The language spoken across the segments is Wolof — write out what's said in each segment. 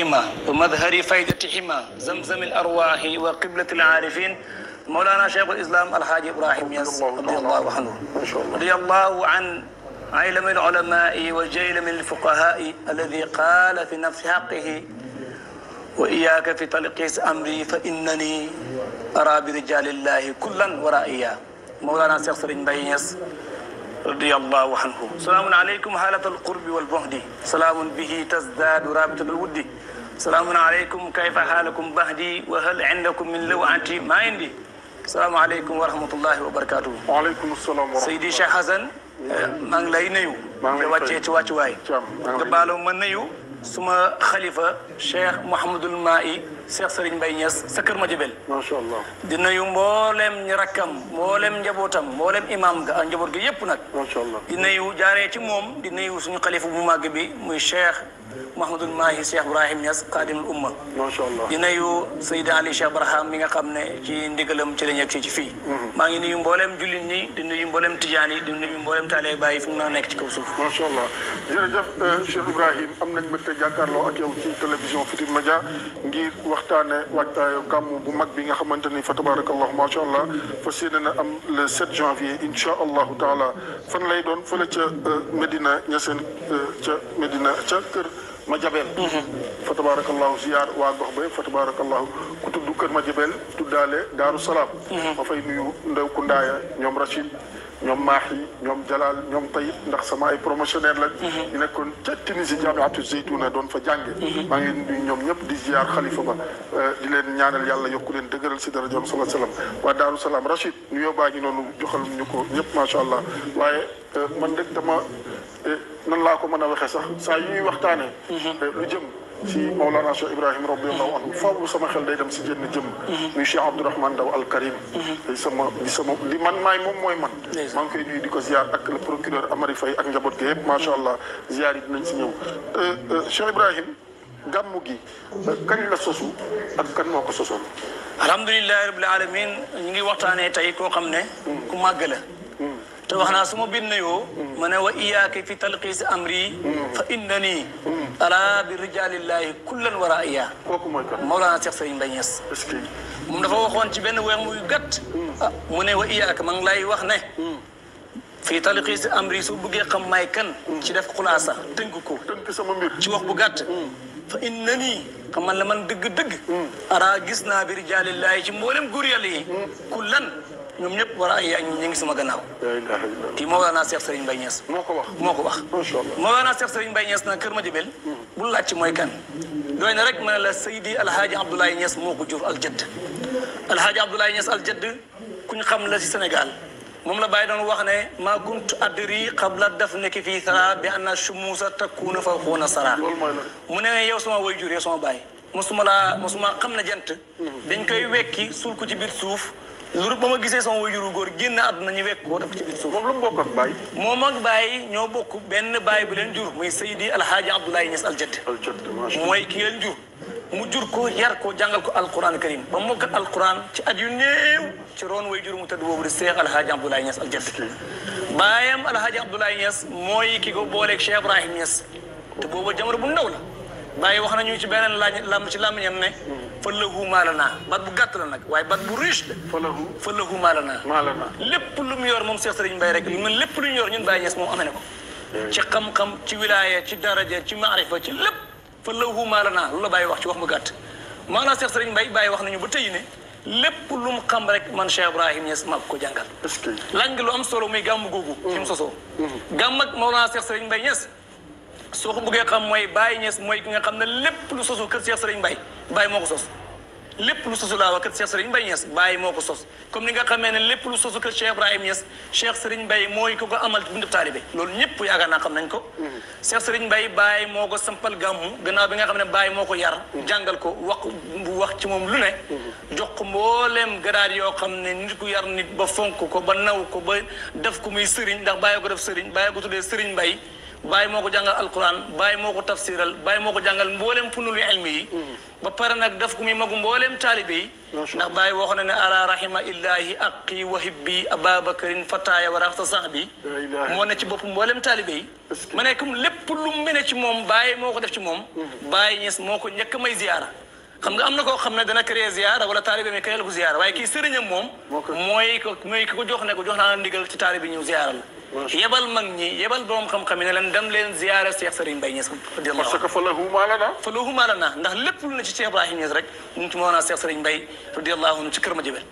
فيهما ومظهر فائدتهما زمزم الأرواح وقبلة العارفين مولانا شيخ الإسلام الحاج إبراهيم ياس رضي الله عنه رضي الله عن علم العلماء وجيل من الفقهاء الذي قال في نفس حقه وإياك في تلقيس أمري فإنني أرى برجال الله كلا ورائيا مولانا شيخ سرين بيس رضي الله عنه سلام عليكم حالة القرب والبعد سلام به تزداد رابطة الود salaamun aleykum kayfa xaalakum bahdi wa hal indakum min law anti maa indi salaamaaleykum wa rahmatullahi wa barakaatu. waaleykum salaam wa Seydi Cheikh Hassan. maa ngi lay nuyu. maa ngi lay wàccee ci wàccuwaay. nga baaloo ma nuyu. suma xalifa Cheikh Mouhamadul Mahi Cheikh Serigne Mbaye Niass sa kër ma jëbel. macha allah di nuyu mboolem ñi rakkam mboolem njabootam mboolem imam ga ak njaboot gi yëpp nag. macha allah di nuyu jaaree ci moom di nuyu suñu xalifa bu màgg bi muy Cheikh. Mouhamadul Mahi Cheikh Ibrahim Niass xaadimul umma. macha allah di nuyu Seydi Ali Cheikh Barham mi nga xam ne ci ndigalam ci la ñu ci fii. Mhm. maa ngi nuyu mboolem jullit ñi di nuyu mboolem tijaan yi di nuyu mboolem taale bàyyi fu mu naa nekk ci kaw suuf. macha allah jërëjëf euh, Cheikh Ibrahim am nañ mbégte jàkkaarloo ak yow ci télévision Futurs Médias ngir waxtaane waajtaayu gàmmu bu mag bi nga xamante ni fa tabarakallah macha allah fas yéene na am le 7 janvier incha allahu taala fan lay doon fële ca euh, Medina Niassène euh, ca Medina ca kër. ma jabeel mhm. fa tabarakallahu ziyaar waa gox ba fa tabarakallahu ku tudd kër ma jabeel tuddaale daaru salaam mhm. ma fay nuyu ndaw ku ndaaya ñoom Rachid ñoom Maahi ñoom Jalal ñoom Tayib ndax sama ay promotionnaire lañ mhm. ñu nekkoon ca Tunisie jaamiatu Zeytuna doon fa jànge maa ngi nuyu ñoom ñëpp di ziyaar xalifa ba euh, di leen ñaanal yàlla yokku leen dëgëral si darajoom salaa salaam waa daaru salaam Rachid noonu joxal ñu ko ñëpp macha allah waaye euh, nan laa ko mën a waxee sax saa yuy waxtaanee. Mhm. lu jëm ci Mawlana Cheikh Ibrahim radiyallahu anhu faaw sama xel day dam si jenn jëm. Mhm. muy Cheikh Abdourahmane Ndaw Al Karim. Mhm. di sama sama di man maay moom mooy man. maa ngi koy nuyu di ko ziar ak le procureur Amary Faye ak njaboot gi yëpp macha allah ziar yi dinañ si ñëw. Euh, euh, Cheikh Ibrahim gàmmu gi euh, kañ la sosu ak kan moo ko sosoon. alhamdulilah rabbil alamin ñu ngi waxtaanee tey koo xam ne. Mm. ku màgg la. te wax naa su ma bind yoo ma ne wa iyaaka fi talxiis amri fa innani ara bi rijalillahi kullan wara iya Mawlana Cheikh Sëriñ Mbaye Niass moom dafa waxoon ci benn weex muy gàtt ah, mu ne wa iyaaka ma lay wax ne fii talxiis amri su bëggee xam may kan ci def xulaasa tënk ko tënk sama mbir ci wax bu gàtt fa inna nii xamal la man dëgg-dëgg hmm. gis naa bi rijalillahi ci mboolem góor yàlla hmm. kullan ñoom ñëpp war a yaa ñu ngi sama gannaaw ti moo ko wax moo ko wax Mawlana Cheikh Serigne Mbaye Niass nag kër Madiabel bul laaj ci mooy kan doy na rek ma ne la Seydi Alhaaji Abdoulaye Niass moo ko jur aljadd Alhaaji Abdoulaye Niass aljadd ku ñu xam la si Sénégal moom la bàyyi doon wax ne maa gunt adri xabla daf nekk fii sara bi anna shumuusa takkuuna fa xuuna sara mu ne yow sama way jur yow sama bàyyi mosuma laa mosuma xam ne jant mm-hmm. dañ koy wekki suul ko ci biir suuf lu ba ma gisee sama wajuru góor génn àdduna ñu wekk ko def ci biir suuf. moom lu bokk ak Baye. moom ak Baye ñoo bokk benn Baye bu leen jur muy Seydi Alhaaji Abdoulaye Niass Aljadd. mooy ki leen jur. mu jur ko yar ko jàngal ko alquran karim ba mokk alquran ci at yu néew ci roon way jur mu tëdd boobu di Cheikh Alhaaji Abdoulaye Niass Aljadd. baayam Alhaaji Abdoulaye Niass mooy ki ko booleeg Cheikh Ibrahim Niass. te boobu jamono bu ndaw la. ndax yi wax nañu ci beneen laaj lam ci làmmiñam ne falahu maalanaa bat bu gàtt la nag waaye bat bu riche la falahu falahu maalanaa maalanaa lépp lu mu yor moom Cheikh Serigne Mbaye rek man lépp lu ñu yor ñun Baye Niass moom amee na ko ci xam-xam ci wilaaya ci daraja ci maarifa ci lépp falahu maalanaa naa la Baye wax ci wax mu gàtt maanaam Cheikh Serigne Mbaye Baye wax nañu ba tey ne lépp lu mu xam rek man Cheikh Ibrahim Niass ma ko jàngal lan ngi lu am solo muy gàmm googu ci mu sosoo mm-hmm. gàmm ak Mawlana Cheikh Serigne soo ko bëggee xam mooy bàyyi Niass mooy ki nga xam ne lépp lu sosu kër Cheikh Serigne Mbaye Baye moo ko sos lépp lu sosu laa wax kër Cheikh Serigne Mbaye Niass Baye moo ko sos comme ni nga xamee ne lépp lu sosu kër Cheikh Ibrahim Niass Cheikh Serigne mooy ko ko amal bu ndëf taalibe loolu ñëpp yaakaar naa nañ ko Cheikh Serigne Mbaye Baye moo ko sampal gàmmu gannaaw bi nga xam ne bàyyi moo ko yar jàngal ko wax bu wax ci moom lu ne jox ko mbooleem garaat yoo xam ne nit ku yar nit ba fonk ko ba naw ko ba def ko muy Serigne ndax Baye ko def Serigne Baye ko tuddee Serigne mbay bàyyi moo ko jàngal alquran bàyyi moo ko tafsiral bàyyi moo ko jàngal mbooleem punul ilmi yi mm-hmm. ba pare nag daf ku muy magu mbooleem taalibe yi ndax bàyyi waxoon na ne ala rahima illahi aqi wa hibbi ababakarin fataaya wa raxta sax bi moo ne ci bopp mbooleem taalibe yi ma ne comme lépp lu mu ne ci moom bàyyi moo ko def ci moom mm-hmm. bàyyi ñes moo ko ñëkk may ziyaara xam nga am na koo xam ne dana créer ziyaara wala taalibe mi créer ko ziyaara waaye kii sëriñam moom mooy ki ko jox ne ko jox naa la ndigal ci ñëw ziyaara la yebal mag ñi yebal borom xam-xam yi ne leen dem leen ziyaara Cheikh Serigne Mbaye Niass radiyallahu anhu parce que fa lahu ma lana fa lahu ma ndax lépp lu ne ci Cheikh Ibrahim Niass rek mu ngi ci Mawlana Cheikh Serigne Mbaye radiyallahu anhu ci kër ma jëbel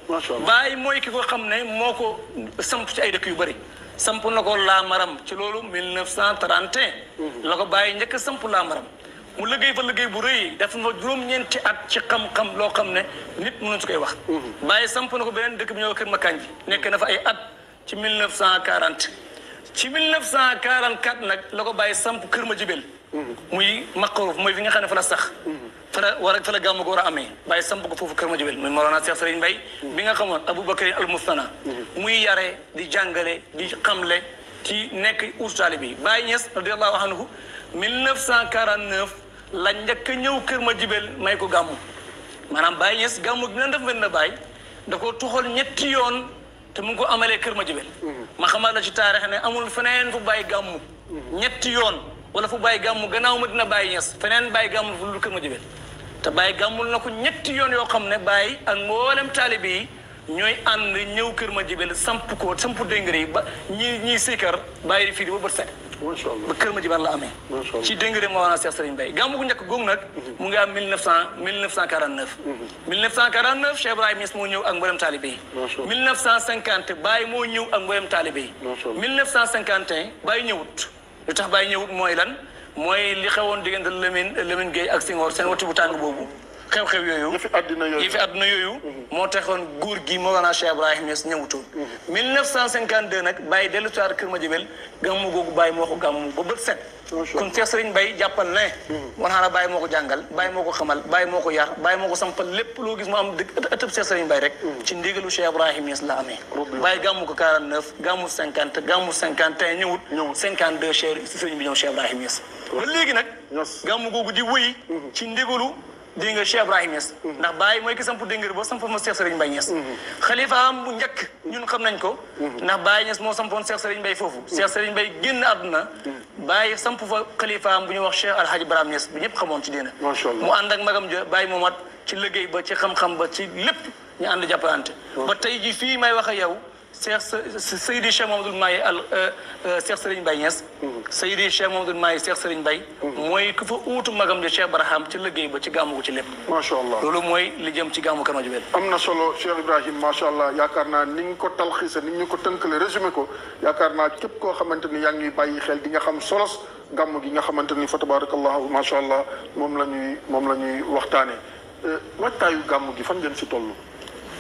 bàyyi mooy ki ko xam ne moo ko samp ci ay dëkk yu bëri samp na ko laamaram ci loolu 1931 mhm. la ko bàyyi njëkk a samp laamaram mu liggéey fa liggéey bu rëy def na juróom-ñeenti at ci xam-xam loo xam ne nit mënu su koy wax mhm. bàyyi samp na ko beneen dëkk bi ñëw kër Makanji nekk na fa ay at ci 1940 ci 1944 nag la ko bàyyi samp kër ma jibel muy maqaruf mooy fi nga xam ne fa la sax fa la war a fa la gàmmu ko war a amee bàyyi samp ko foofu kër ma jibel muy Mawlana Cheikh Serigne Mbaye bi nga xamoon Aboubacar al Mustana muy yare di jàngale di xamle ci nekk urtaali bi Baye Niass radiallahu anhu 1949 la njëkk ñëw kër ma jibel may ko gàmmu maanaam Baye Niass gàmmu gi nan def mel na Baye da ko toxal ñetti yoon te mu ko amalee kër ma jibel mhm. ma xamal la ci taarix ne amul feneen fu bàyyi gàmmu mhm. ñetti yoon wala fu bàyyi gàmmu gannaaw ma dina bàyyi ñes feneen bàyyi gàmmul fu lu kër ma jibel te bàyyi gàmmul na ko ñetti yoon yoo xam ne bàyyi ak mboolem taalibe yi ñooy ànd ñëw kër ma jibel samp ko samp déngre yi ba ñi ñiy siikar bàyyi di ba bët set macha ba kër ma jibal la amee ci déngre moo waanaa Cheikh Serigne Baye gàmmu gu njëkk googu nag mu ngi am mille neuf cent mille neuf cent quarante mhm. yi mille neuf cent cinquante mooy lan mooy li xewoon diggante Lamine Lamine Gueye ak Senghor seen wati bu tàng boobu xew-xew yooyu. yi fi àddina yooyu yi fi àddina yooyu. Mm-hmm. moo taxoon góor gi Mawlana Cheikh Ibrahim Niass ñëwutoon. Mm-hmm. nag bàyyi dellu si waat Kër Madiabel gàmmu googu bàyyi moo ko gàmmu ba bët set. kon Cheikh Serigne Baye jàppal ne. war naa bàyyi moo ko jàngal bàyyi moo ko xamal bàyyi moo ko yar bàyyi moo ko sampal lépp loo gis mu am dëkk ëttëb Cheikh Serigne Baye rek. Mm-hmm. ci ndigalu Cheikh Ibrahim Niass la amee. bàyyi gàmmu ko 49 gàmmu 50 gàmmu 51 ñëwut. ñëwut 52 Cheikh Serigne bi ñëw Cheikh Ibrahim dégg nga Cheikh Ibrahim ndax bàyyi mooy ki samp déngër ba samp ma Cheikh Serigne Mbaye Niass xalifaam bu njëkk ñun xam nañ ko ndax Baye nees moo sampoon Cheikh Serigne Mbaye foofu Cheikh Serigne Mbaye génn àdduna Baye samp fa xalifaam bu ñuy wax Cheikh Alhaji Ibrahim Niass bu ñëpp xamoon ci diina mu ànd ak magam jo Baye Momat ci liggéey ba ci xam-xam ba ci lépp ñu ànd jàppalante ba tey ji fii may wax a yow Cheikh Seydi Cheikh Mamadou Maye al euh, euh, Cheikh Serigne Baye Niass. Mhm. Seydi Cheikh Mamadou Maye Cheikh Serigne Baye. Mhm. mooy ku fa uutu magam di Cheikh Barham ci liggéey ba ci gàmmu ko ci lépp. macha allah loolu mooy li jëm ci gàmmu Kanoju Wele. am na solo Cheikh Ibrahim macha allah yaakaar naa ni ñu ko talxiisa ni ñu ko tënkale résumé ko yaakaar naa képp koo xamante ni yaa ngi bàyyi xel di nga xam solos gàmm gi nga xamante ni fa tabarakallahu macha allah moom la ñuy moom la ñuy waxtaanee. Euh, waajtaayu gàmm gi fan ngeen si toll.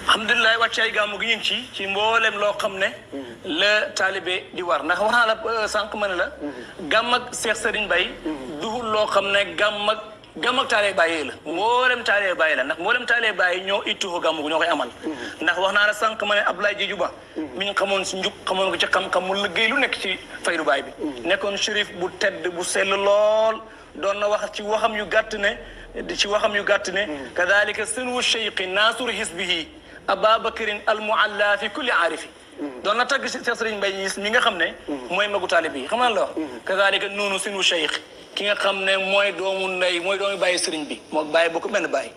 alhamdulilah wàcc ay gàmmu gi ñu ngi ci ci mboolem loo xam ne. la taalibe di war ndax wax naa la euh, sànq ma ne la. gàmm ak Seex Sëriñ Bay. duhul loo xam ne gàmm ak gàmm ak bàyyee la mboolem taalee bàyyee la ndax mboolem taalee bàyyee ñoo ittuhu gàmm gu ñoo koy amal. ndax wax naa la sànq ma ne Abdoulaye Diedhiou Ba. mi xamoon si njub xamoon ko ci xam-xam mu liggéey lu nekk ci faydu baay bi. nekkoon shérif bu tedd bu sell lool doon na wax ci waxam yu gàtt ne ci waxam yu gàtt ne. kadaalika sunu cheikh naasuru hisbihi ababakarin almualla fi kulli aarifi doon na tagg si sëriñ bay Ñas mi nga xam ne mooy magu taalib yi xam na la wax kazalika noonu suñu cheikh ki nga xam ne mooy doomu ndey mooy doomu bàyyi sëriñ bi moo bàyyi bokk benn bàyyi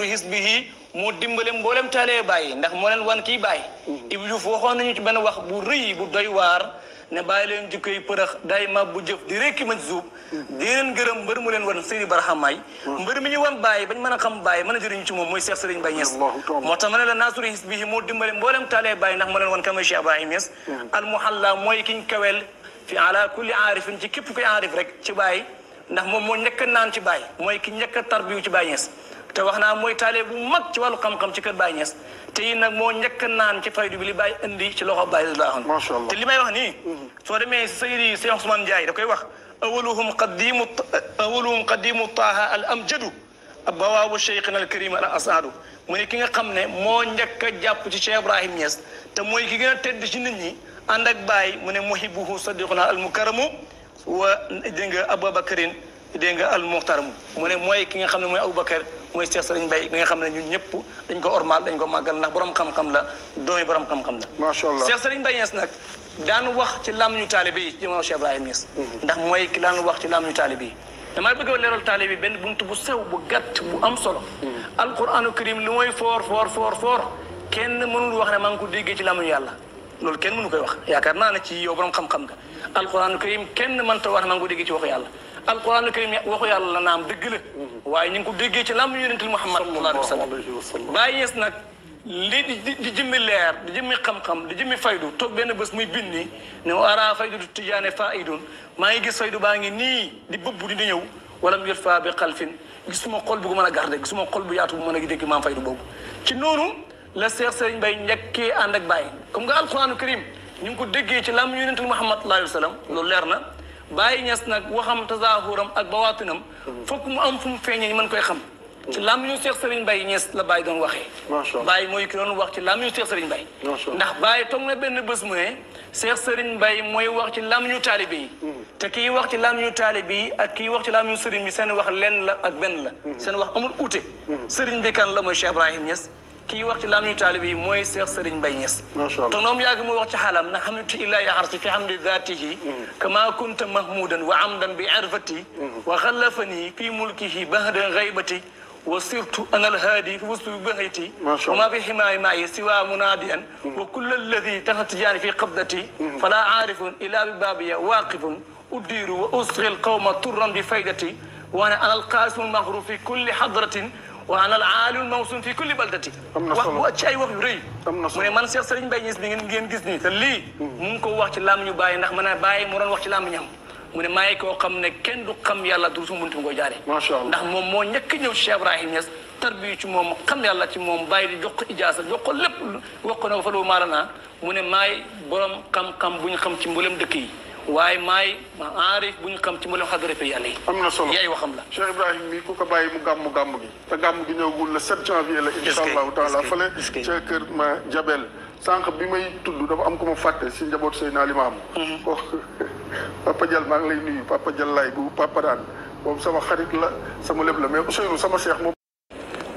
bi hisbihi moo dimbale mboolem taalee bàyyi ndax moo leen wan kii bàyyi Ibou Diouf waxoon nañu ci benn wax bu rëy bu doy waar ne bàyyi leen jikko yi përax day mab bu jëf di rekki man suub mm-hmm. di leen gërëm mbër mu leen wan Seydi Barham Maay mm-hmm. mbër mi ñu wan bàyyi bañ mën a xam bàyyi mën a jëriñu ci moom mooy Cheikh Serigne Baye Niass moo tax ma ne la naasuri his bi moo dimbale mboolem taalee bàyyi ndax ma leen wan a Cheikh Ibrahim Niass mm-hmm. al muhalla mooy kiñ kaweel fi ala kulli aarifin ci képp koy aarif rek ci bàyyi ndax moom moo njëkk naan ci bàyyi mooy ki njëkk tarbiyu ci bàyyi Niass te wax naa mooy taale bu mag ci wàllu xam-xam ci kër Baye Niass te yi nag moo njëkk naan ci faydu bi li Baye indi ci loxo Baye radiyallaahu anhu te li may wax nii mhm. soo demee Seydi Seex Ousmane Ndiaye da koy wax awaluhum qadimu awaluhum qadimu taaha al amjadu bawaabu cheikhina al karim al asaadu mu ne ki nga xam ne moo njëkk a jàpp ci Cheikh Ibrahim Niass te mooy ki gën a tedd ci nit ñi ànd ak Baye mu ne muhibuhu sadiquna al mukaramu wa dégg nga Abubakarin dégg nga al muxtaramu mu ne mooy ki nga xam ne mooy Abubakar mooy Cheikh Serigne Mbaye mi nga xam ne ñun ñëpp dañ ko ormal dañ ko màggal ndax borom xam-xam la doomi borom xam-xam la. macha allah Cheikh Serigne Mbaye Niass nag daan wax ci làmmiñu taalibe yi ci Cheikh Ibrahima Niass. Mm-hmm. ndax mooy ki daan wax ci làmmiñu taalibe yi. damay bëgg a leeral taalibe yi benn buntu bu sew bu gàtt bu am solo. Mm-hmm. alquranu karim lu mooy foor foor foor foor kenn mënul wax ne maa ngi ko déggee ci làmmiñu yàlla. loolu kenn mënu koy wax yaakaar naa ne ci yow borom xam-xam nga alquranu karim kenn mënta wax ne maa ngi ko déggee ci waxu yàlla alquranu karim waxu yàlla waaye ñu ngi ko déggee ci lam yonentul Muhammad sallallahu alayhi wa sallam Baay Ñas nag li di di jëmmi leer di jëmmi xam-xam di jëmmi faydu toog benn bés muy binni ne ara faydu du tijaane faidun maa ngi gis faydu baa ngi nii di bëbb di ñëw wala mu yot faa bi xalfin gisuma xol bu ko mën a garde suma xol bu yaatu man a dégg maam faydu boobu ci noonu la seex sëriñ bay njëkkee ànd ak Baay comme nga alquranu karim ñu ngi ko déggee ci lam yonentul Muhammad sallallahu alayhi wa sallam loolu leer na bàyyi ñes nag waxam tasaahuram ak bawaatinam fokk mu am fu mu feeñee mën koy xam ci làmmiñu Seex Sëriñ Bay ñes la Baye doon waxee Baye mooy ki wax ci làmmiñu Seex Sëriñ Bay ndax Baye toog na benn bés mu ne Seex Sëriñ Bay mooy wax ci làmmiñu taalibe yi hmm. te kii wax ci làmmiñu taalibe yi ak kii wax ci làmmiñu sëriñ bi seen wax lenn la ak benn la hmm. seen wax amul uute hmm. sëriñ bi kan la mooy Cheikh Ibrahim Niass kii wax ci laamuñu taalib yi mooy Cheikh Serigne Mbaye Niass. macha allah te noom yàgg mu wax ci xalam na xamtu illaa yaxarsi fi xamdi zaatihi. Mm-hmm. kama kunta mahmudan wa amdan bi arfati. Mm-hmm. wa xalafani fi mulkihi bahda gaybati. wa surtout anal haadi fi wustu bahayti wa ma fi ximaay maa yi siwa munaadiyan mm-hmm. wa kulla alladi taxa tijaani fi qabdati fala aarifun illa bi baabiya waaqifun uddiiru wa usril qawma turran bi faydati wa ana alqaasimul maxru fi kulli xadratin wa anal aalim mawsuun fi kulli baldati wax bu ci ay wax yu rëy mu ne man Cheikh Serigne Mbaye Niass bi ngeen ngeen gis nii te lii hmm. mu ngi ko wax ci làmmiñu Baye ndax mën a Baye mu doon wax ci làmmiñam mu ne maay koo xam ne kenn du xam yàlla dul su muntu mi koy jaare ndax moom moo ñëkk ñëw Cheikh Ibrahim Niass tarbiyu ci moom xam yàlla ci moom bàyyi di jox ko ijaasa jox ko lépp wax ko ne ko fa lu naa mu ne maay borom kam xam bu ñu xam ci mboolem dëkk yi waaye maay enrich bu ñu xam ci mboolem xadara bi yàlla yi. am na solo yaay waxam la. Cheikh Ibrahim mi ku ko bàyyi mu gàmm gàmm gi. te gàmm gi ñëwul le 7 janvier la. incha allahu taala fële ca kër ma Jabel. sànq bi may tudd dafa am ko ma fàtte si njaboot Seydina Limaam. kooku mhm. oh, Papa Jal maa ngi lay nuyu Papa Jal laay bu Papa daan moom sama xarit la sama lépp la mais Ousseynou sama seex moom.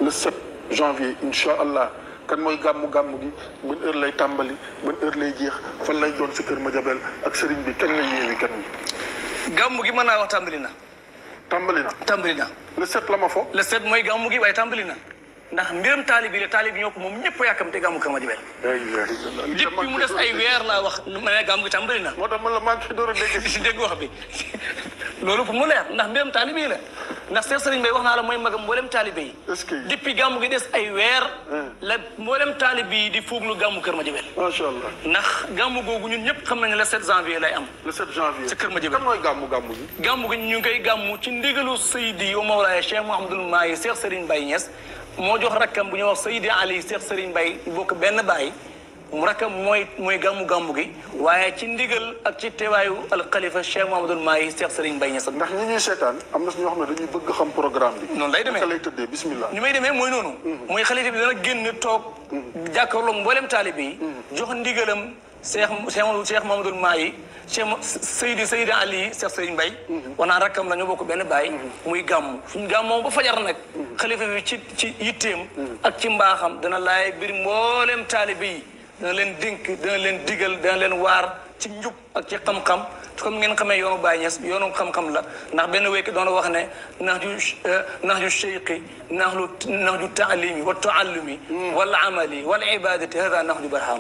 le 7 janvier incha allah. kan mooy gàmmu gàmmu gi ban heure lay tàmbali ban heure lay jeex fan lay doon si kër Madiabel ak sëriñ bi kan lay yeewi kan bi. gàmmu gi mën naa wax tàmbali na. tàmbali na tàmbali na. le sept la ma fo. le sept mooy gàmmu gi waaye tàmbali na. ndax mbiram taalib yi la taalib ñoo ko moom ñëpp yàkkamte gàmmu Kër Madiabel depuis mu des ay weer laa wax ma ne gàmmu gi tàmbali na moo tax man la maa ngi fi a bi loolu fu mu leer ndax mbiram taalib yi la ndax Seex Sëriñ Bay wax naa la mooy magam mboolem taalib yi depuis gàmmu gi des ay weer la mboolem taalib yi di fuuglu gàmmu Kër Madiabel macha allah ndax gàmmu googu ñun ñëpp xam nañ la set 7 janvier lay am le 7 Kër ma kan mooy gàmmu gàmmu gi gàmmu gi ñu ngi koy gàmmu ci ndigalu Seydi wa Mawlaaya Cheikh Mouhamadoul Mahi Seex Sëriñ Bay Ñas moo jox rakkam bu ñuy wax Seydi Ali Cheikh Serigne Baye ñu bokk benn baay mu rakkam mooy mooy gàmmu gàmmu gi waaye ci ndigal ak ci teewaayu alxalifa Cheikh Mouhamadoul Mahi Cheikh Serigne Baye Niass ndax ñi ñuy seetaan am na su ñoo xam ne dañuy xam programme bi noonu lay demee naka lay tëddee ñu may demee mooy noonu mhm. mooy xalifa bi dana génn toog mhm. jàkkaarloog mboolem taalibe yi mhm. jox ndigalam Cheikh Cheikh Mouhamadoul Mahi Cheikh Seydi Seydi Ali Cheikh Seydi Mbaye mhm. wanaan rakkam la ñu bokk benn baay mhm. muy gàmmu suñ gàmmoo ba fajar nag mhm. xalifa bi ci ci yitteem ak ci mbaaxam dana laay biir mbooleem taalibe yi dana leen dénk dana leen digal dana leen waar ci njub ak ci xam-xam comme ngeen xamee yoonu Baay Ñas yoonu xam-xam la ndax benn wéykat doon wax ne nax ju eh, nax ju cheyqi nax lu nax ju taalimi wa taallumi hmm. wala amali wala ibadati hada nax ju barham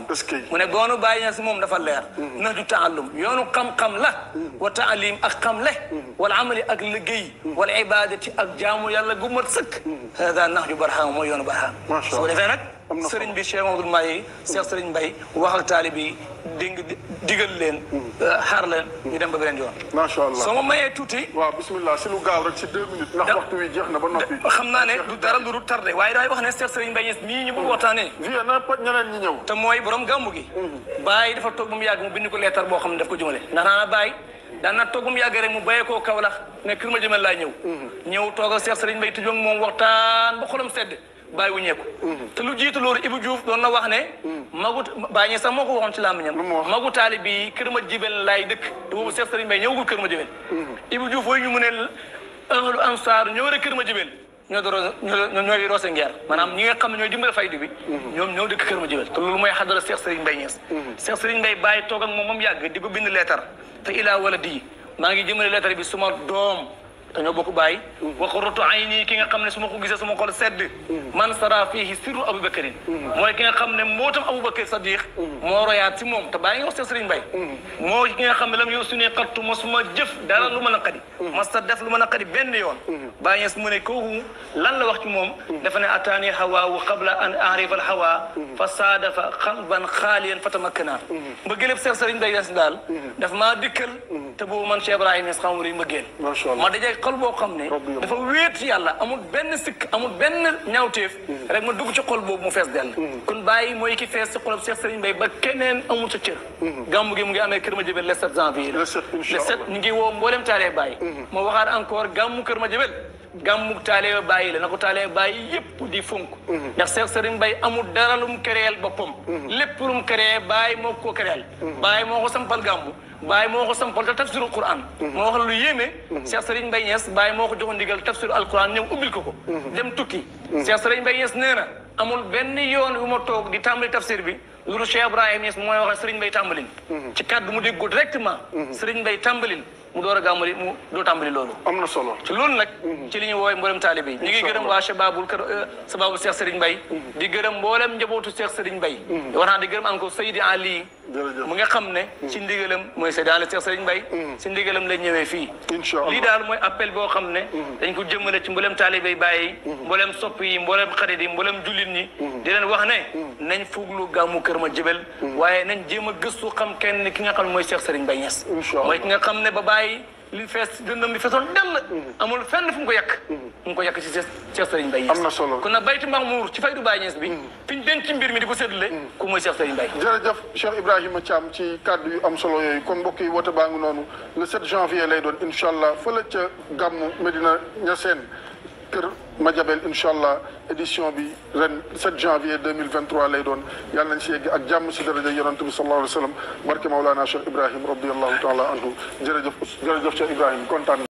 mu ne goonu Baay Ñas moom dafa leer hmm. nax ju taallum yoonu xam-xam la hmm. wa taalim ak xamle wala amali ak liggéey wala ibadati ak jaamu yàlla gu mat sëkk hada nax ju barham mooy yoonu barham soo defee nag sëriñ bi Cheikh Mamadou Maye Cheikh Sëriñ Mbay wax ak taalibe yi dégg digal leen xaar la ñu dem ba beneen yoon. macha allah ma mayee tuuti. waaw bismillah si lu gaaw rek si deux minutes. ndax waxtu wi jeex na ba noppi. xam naa ne du dara lu tardé ñu bëgg waxtaanee. vieux mooy borom gàmmu gi. Mhm. bàyyi dafa toog ba mu yàgg mu bind ko leetar boo xam ne ko jumale. ndax naa bàyyi daan na toogum yàgg rek mu bàyyeekoo Kaolack ne kër ma jëmel laa ñëw. ñëw toog ak Cheikh Serigne Mbaye Tidiong moom waxtaan ba xolam sedd bàyyi wu ñeeku. te lu jiitu loolu Ibou Diouf doon na wax ne. magu bàyyi sax moo ko waxoon ci làmmiñam. magu taali bi kër ma jëmel laay dëkk. te boobu Cheikh mbay ñëw ñëwagul kër ma jëmel. Mhm. Ibou Diouf wooyu ñu mu ne ahlu ansaar ñëw rek kër ma jëmel. ñoo doon ñoo ñooy roose ngeer maanaam ñi nga xam ne ñooy dimbale faydu bi mhm. ñoom ñoo dëkk kër ma jëwel te loolu mooy xadara Cheikh Serigne Mbaye Niass mhm. Cheikh Serigne Mbaye bàyyi toog ak moom moom yàgg di ko bind leetar te ilaa wala di maa ngi jëmale leetar bi suma doom te ñoo bokk bàyyi waxarutu ay nii ki nga ne su ma ko gisee sama xol sedd man sara fiihi sirru aboubacarin mooy ki nga ne mootam aboubacar sadiq moo royaat si moom te bàyyi nga wax seen sëriñ bay moo ki nga xam ne lam yow su lu ma naqari mas ta def lu ma naqari benn yoon bàyyi su mu ne kooku lan la wax ci moom dafa ne ataani hawaawu qabla an arifa al hawa fa saadafa xam ban xaaliyan fatamakkana ba gëlëb seen sëriñ bay des daal daf maa dikkal te boobu man Cheikh Ibrahima Niass xamam ri ma génn ma dajee xol boo xam ne dafa wéet yàlla amul benn sikk amul benn ñaawteef mm-hmm. rek ma dugg ci xol boobu mu fees dell mm-hmm. kon bàyyi mooy ki fees ci xolob Cheikh Serigne Mbaye ba keneen amul sa cër mm-hmm. gi mu ngi amee kër ma jëbel le sept janvier le sept ñu ngi woo mboolem taalee bàyyi ma waxaat encore gàmmu kër ma jëbel gàmmu taalee bàyyi la na ko taalee bàyyi yépp di fonk ndax Cheikh Serigne Mbaye amul dara lu mu créel boppam lépp lu mu créé bàyyi moo ko créel bàyyi moo ko sampal gàmmu baay moo ko sampal te tafsiru Qur'an. Mhm. moo wax lu yéeme. Mhm. Cheikh Serigne Mbaye Niass baay moo ko joxoon ndigal tafsiru Alquran ñëw ubbil ko ko. Mhm. dem tukki. Cheikh Serigne Mbaye Niass nee amul benn yoon bu ma toog di tàmbali tafsir bi loolu Cheikh Ibrahim Niass mooy wax ne Serigne Mbaye tàmbalin. ci kàddu mu dégg ko directement. Serigne Mbaye tàmbalin. mu door a gàmmali mu doo tàmbali loolu. am na solo ci loolu nag. Mhm. ci li ñu woowee mboolem taalibe yi. ñu ngi gërëm waa Shababul kër euh, Sababul Cheikh Serigne Mbaye. Mhm. di gërëm mboolem njabootu Cheikh Serigne Mbaye. Mhm. war naa di gërëm encore Seydi Ali. mu nga xam ne. ci ndigalam mooy Seydi Ali Cheikh Serigne Mbaye. ci ndigalam lañ ñëwee fii. incha allah lii daal mooy appel boo xam ne. dañ ko jëmmale ci mboolem taalibe yi bàyyi. mboolem soppi yi mboolem xarit yi mboolem jullit ñi. di leen wax ne. nañ fuglu gàmmu kër ma jëbel. waaye nañ jéem a gëstu xam kenn ki nga xam ne mooy Cheikh Serigne Mbaye Niass. daara li fees dëndam bi feesoon dell mhm. amul fenn fu mu ko yàq mhm. fu mu ko yakk ci Cheikh Serigne Baye am na solo kon nag Baytu Mamour ci faydu Baye Niass bi mhm. fi ñu denc mbir mi di ko séddale ku mooy Cheikh Serigne Baye jërëjëf Cheikh Ibrahima Thiam ci kàddu yu am solo yooyu kon mbokki yi baa ngi noonu le 7 janvier lay doon incha allah fële ca gàmmu Medina Niassène kër Madiabel incha allah édition bi ren 7 janvier 2023 lay doon yàlla nañ si yegg ak jàmm si daraja yonante bi sallallahu alayhi wa sallam barke Maulana Cheikh Ibrahim radiyallahu taala anhu jërëjëf jërëjëf Cheikh Ibrahim kontaan